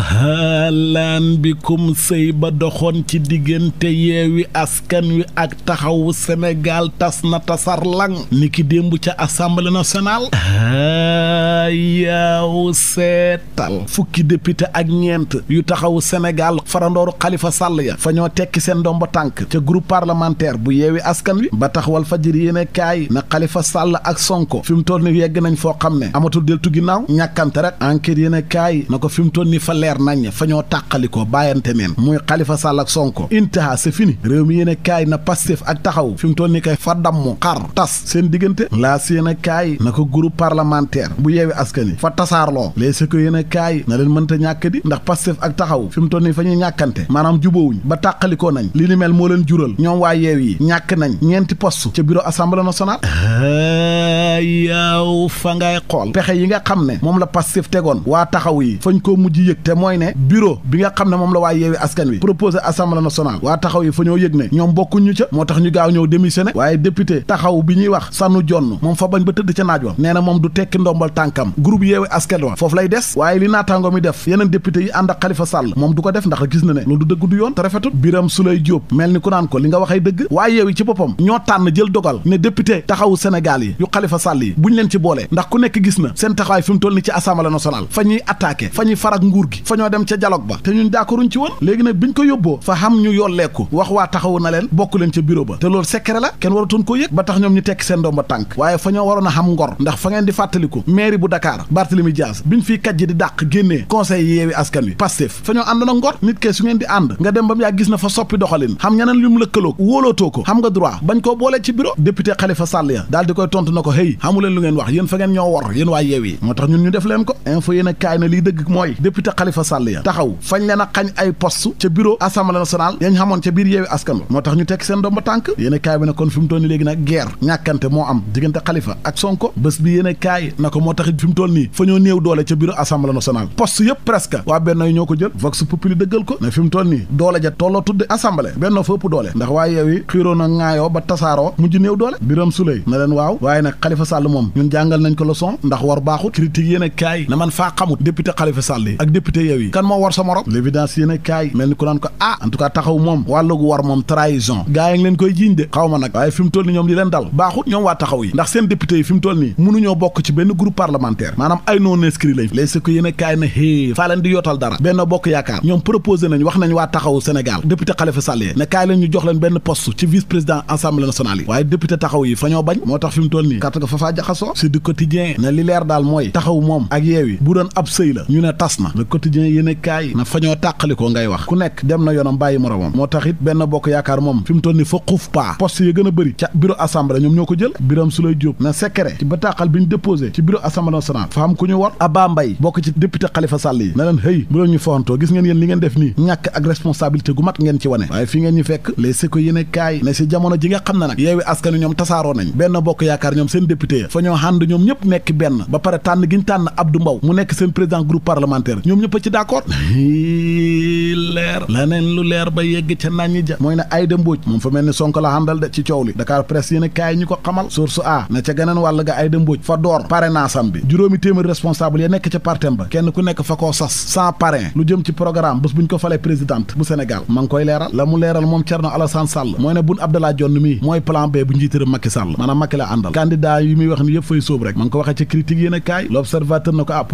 halaan bikum sëy ba doxoon ci diggante yeewi askan wi ak taxawu Sénégal tas na tasar lang ni ki démb ca assemblée nationale yaaw seetal fukki député ak ñeent yu taxawu Sénégal farandooru Xalifa Sàll ya fa ñoo tekki seen ndomba tànk ca groupe parlementaire bu yeewi askan wi ba tax wal fajir yéene kaay na Xalifa Sàll ak Sonko fi mu toll ni yegg nañ foo xam ne amatul deltu ginnaaw ñàkkante rek enquête yéene na ko fi ni fa leer nañ fa ñoo tàqalikoo bàyyante neen muy Khalifa Sall ak Sonko intaha c'est fini réew mi yéen kaay na Pastef ak taxaw fi mu toll ni kay fa dammu xar tas seen diggante laas yéen kaay na ko groupe parlementaire bu yeewi askan yi fa tasaarloo les si ko yéen kaay na leen mënta ñàkk di ndax Pastef ak taxaw fi mu toll ni fa ñuy ñàkkante maanaam jubóowuñ ba tàqalikoo nañ li ni mel moo leen jural ñoom waa yeew yi ñàkk nañ ñeenti poste ca bureau assemblée nationale fa ngay xool yi nga xam moom la Pastef tegoon mooy ne biro bi nga xam ne moom la waa yeewi askan wi proposé assemblée nationale waa taxaw yi fa ñoo yëg ne ñoom bokkuñ ñu ca moo tax ñu gaaw ñëw démissionné waaye député taxaw bi ñuy wax sànnu jonn moom fa bañ ba tëdd ca naaj wa nee na moom du tekki ndombal tànkam groupe yeewi askan wa foofu lay des waaye li naataango mi def yeneen député yi ànd ak Khalifa Sall moom du ko def ndax gis na ne loolu dëgg du yoon te rafetul Biram Souleye Diop mel ni ku naan ko li nga waxee dëgg ci boppam ñoo jël dogal ne député taxawu Sénégal yi yu Khalifa Sall yi buñ leen ci boole ndax ku nekk gis na seen taxawaay fi mu toll ni ci assemblée nationale fa ñuy attaqué fa fañoo dem ca dialogue ba te ñun d'accorduñ ci woon léegi nag biñ ko yóbboo fa xam ñu yolleeku wax waa taxawu na leen bokk leen ca bureau ba te loolu secret la kenn waratoon koo yëg ba tax ñoom ñu tekki seen doom ba tànk waaye fa ñoo waroon a xam ngor ndax fa ngeen di fàttaliku mairie bu Dakar Barthélemy Dias biñ fiy kajji di dàq génnee conseil yeewi askan wi Pastef fa ñoo ngor nit kee su ngeen di ànd nga dem ba mu yaa gis na fa soppi doxalin xam ñeneen lu mu lëkkaloog ko xam nga droit bañ koo boolee ci bureau député Khalifa Sall wax yéen fa ngeen ñu def leen ko info yéen Khalifa Sall ya taxaw fañ leen a xañ ay poste ca bureau assemblée nationale yañ xamoon ca biir yeewi askan moo tax ñu tekk seen domba tànk yéen kaay bi ne kon fi mu toll nii léegi nag guerre ñàkkante moo am diggante Khalifa ak Sonko bés bi yéen kaay na ko moo tax fi mu nii fa ñoo néew doole ca bureau assemblée nationale poste yëpp presque waa Benno ñoo ko jël vox populi dëggal ko ne fi mu nii doole ja tolloo tudde assemblée Benno fa ëpp doole ndax waa yeewi xiiroo na yow yi kan moo war sa morom l'évidence yéen kaay mel ni ku naan ko ah en tout cas taxaw moom war moom trahison gaa leen koy jiiñ de xaw nag waaye fi mu toll ñoom li leen dal baaxut ñoom waa taxaw yi ndax seen député yi fi mu nii mënuñoo bokk ci benn groupe parlementaire maanaam ay non inscrit lañ léeg si ko kaay na hée faa leen di yootal dara benn bokk yaakaar ñoom proposé nañ wax nañ waa taxawu Sénégal député Khalifa fa ñoo yi ne quotidien yéen a kaay na fa ñoo tàqalikoo ngay wax ku nekk dem na yoonam bàyyi moromam moo tax it benn bokk yaakaar moom ci bataaxal bi ñu déposé ci bureau assemblée nationale fa am ku ñu war Abba Mbaye bokk ci député Khalifa Sall yi na leen hëy bu ñu foxantoo gis ngeen yéen li ngeen def nii ñàkk ak responsabilité gu mat ngeen ci wane waaye fi ngeen ñu fekk les seco yéen a kaay ne si jamono ji xam ne nag yeewi askanu ñoom tasaaroo nañ benn bokk yaakaar ñoom seen député ya fa ñoo ñoom ñëpp nekk benn ba pare tànn gi ñu tànn Abdou Mbow mu nekk seen président ci d'accord leer leneen lu leer ba yegg ca naññi ja mooy ne Aïda Mbodj moom fa mel ni Sonko la àndal de ci coow li Dakar Presse yéen kaay ko xamal source a ne ca geneen wàll ga Aïda Mbodj fa door parrainage-am bi juróomi téeméer responsable ya nekk ca partem ba kenn ku nekk fa koo sas sans parrain lu jëm ci programme bés buñ ko falee présidente bu Sénégal ma ngi koy leeral la mu leeral moom Thierno Alassane Sall mooy ne Boun Abdallah Dionne mii mooy la àndal candidat yi muy wax ni yëpp fay sóob rek ma ngi ko waxee ci critique yéen kaay l'observateur na ko ah,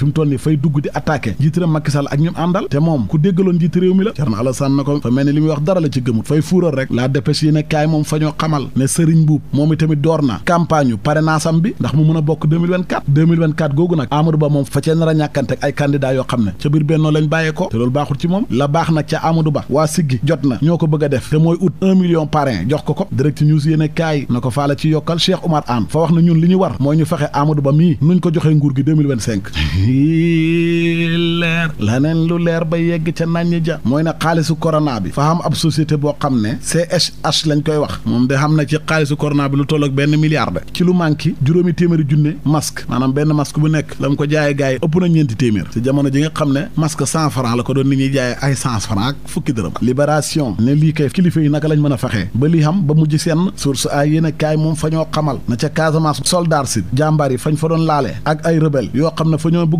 fi mu toll ni fay dugg di attaqué njiitu réew Macky Sall ak ñum àndal te moom ku déggaloon njiitu mi la Thierno Alassane na ko fa mel ni li muy wax dara la ci gëmut fay fuural rek la dépêche yéen a kaay moom fa ñoo xamal ne Serigne Mboup moom itamit door na campagne yu parrainage bi ndax mu mën a bokk 2024 googu nag Amadou Ba moom fa cee nar a ñàkkante ay candidat yoo xam ne ca biir bennoo lañ bàyyee te loolu baaxul ci moom la baax nag ca Amadou Ba waa siggi jot na ñoo a a kaay na ko wax na ñun li ñu war mooy ñu fexe Amadou Ba mii leer laneen lu leer ba yegg ca naññ ja mooy ne xaalisu corona bi fa am ab société boo xam ne CHH lañ koy wax moom de xam na ci xaalisu corona bi lu toll benn milliard de ci lu manqué juróomi téeméeri junne masque maanaam benn masque bu nekk la mu ko jaayee gars yi ëpp na ñeenti téeméer ci jamono ji nga xam ne masque cent franc la ko doon nit ñuy jaayee ay cent franc ak fukki dërëm libération ne lii kay kilifa yi naka lañ mën a fexe ba li xam ba mujj seen source ay yéen a kaay moom fa ñoo xamal na ca Casamance soldat jàmbaar yi fañ fa doon laale ak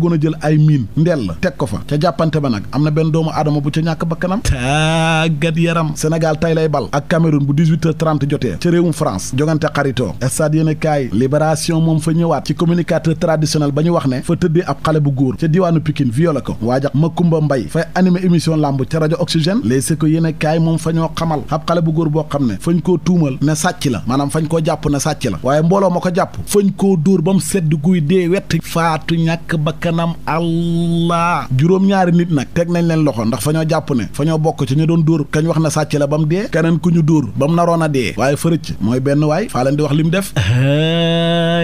bëggoon a jël ay miin ndel la teg ko fa ca jàppante ba nag am na benn doomu aadama bu ca ñàkk bakkanam tàggat yaram Sénégal tay lay bal ak Cameroun bu 18h30 jotee ca réewum France jogante xaritoo stade yéen kaay libération moom fa ñëwaat ci communicateur traditionnel ba ñu wax ne fa tëddee ab xale bu góor ca diwaanu Pikine violé ko waajax Makumba Mbay fay animé émission lamb ca rajo Oxygène les si ko moom fa ñoo xamal ab xale bu góor boo xam ne fañ koo tuumal ne sàcc la maanaam fañ koo jàpp ko jàpp koo dóor ba mu sedd bakkanam allah juróom-ñaari nit nag teg nañ leen loxo ndax fa ñoo jàpp ne fa ñoo bokk ci ñu doon dóor kañ wax na sàcc la ba mu dee keneen ku ñu dóor ba mu naroon a dee waaye fërëcc mooy benn waay faa leen di wax li mu def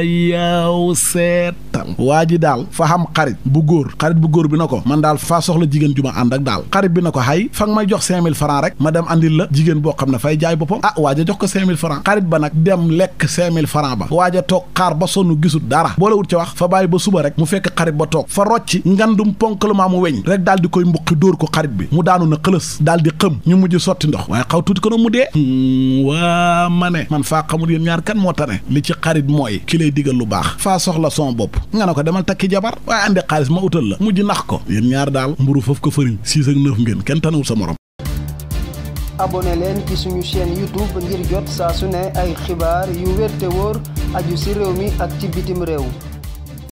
yaw seetal waa ji daal fa xam xarit bu góor xarit bu góor bi na ko man daal faa soxla jigéen ju ma ànd ak daal xarit bi na ko xay fa may jox cinq mille francs rek ma dem andil la jigéen boo xam ne fay jaay boppam ah waaja jox ko cinq mille francs xarit ba nag dem lekk cinq mille francs ba ba sonn gisut dara boolewut ci wax fa bàyyi ba suba rek mu fekk toog fa rocci ngandum ponkalumaa mu weñ rek daal di koy mbuqi dóor ko xarit bi mu daanu na xëlës daal di xëm ñu mujj sotti ndox waaye xaw tuuti ko mu dee hmm, waa ma ne man faa xamul yéen ñaar kan moo tane li ci xarit mooy ki lay digal lu baax faa soxla son bopp nga ne ko demal takki jabar waaye àndi xaalis ma utal la mujj nax ko yéen ñaar daal mburu foofu ko fëriñ six ak neuf ngeen kenn tanewul sa morom abonné leen ci suñu chaîne youtube ngir jot saa su ne ay yu wér te wóor mi ak ci bitim